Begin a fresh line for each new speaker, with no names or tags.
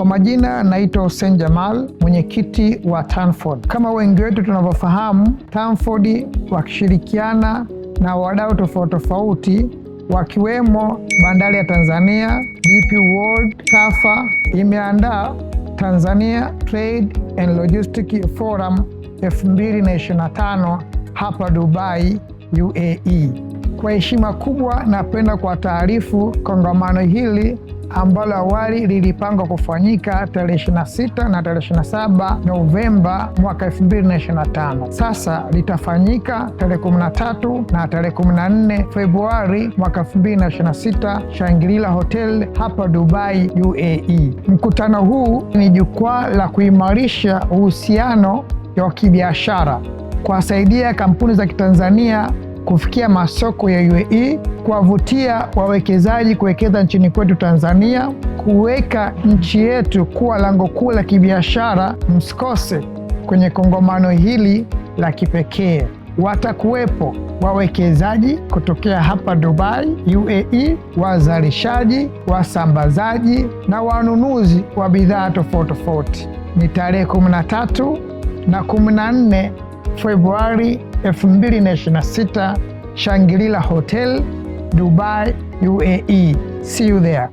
Kwa majina naitwa Hussein Jamal, mwenyekiti wa Tanford. Kama wengi wetu tunavyofahamu, Tanford wakishirikiana na wadau tofauti tofauti wakiwemo bandari ya Tanzania, DP World, TAFA imeandaa Tanzania Trade and Logistic Forum 2025 hapa Dubai, UAE. Kwa heshima kubwa, napenda kwa taarifu kongamano hili ambalo awali lilipangwa kufanyika tarehe 26 na tarehe 27 Novemba mwaka 2025, sasa litafanyika tarehe 13 na tarehe 14 Februari mwaka 2026 Shangri-La Hotel hapa Dubai, UAE. Mkutano huu ni jukwaa la kuimarisha uhusiano wa kibiashara, kuwasaidia kampuni za Kitanzania kufikia masoko ya UAE, kuwavutia wawekezaji kuwekeza nchini kwetu Tanzania, kuweka nchi yetu kuwa lango kuu la kibiashara. Msikose kwenye kongamano hili la kipekee. Watakuwepo wawekezaji kutokea hapa Dubai, UAE, wazalishaji, wasambazaji na wanunuzi wa bidhaa tofauti tofauti. Ni tarehe 13 na 14 Februari 2026, Shangri-La Hotel, Dubai, UAE. See you there.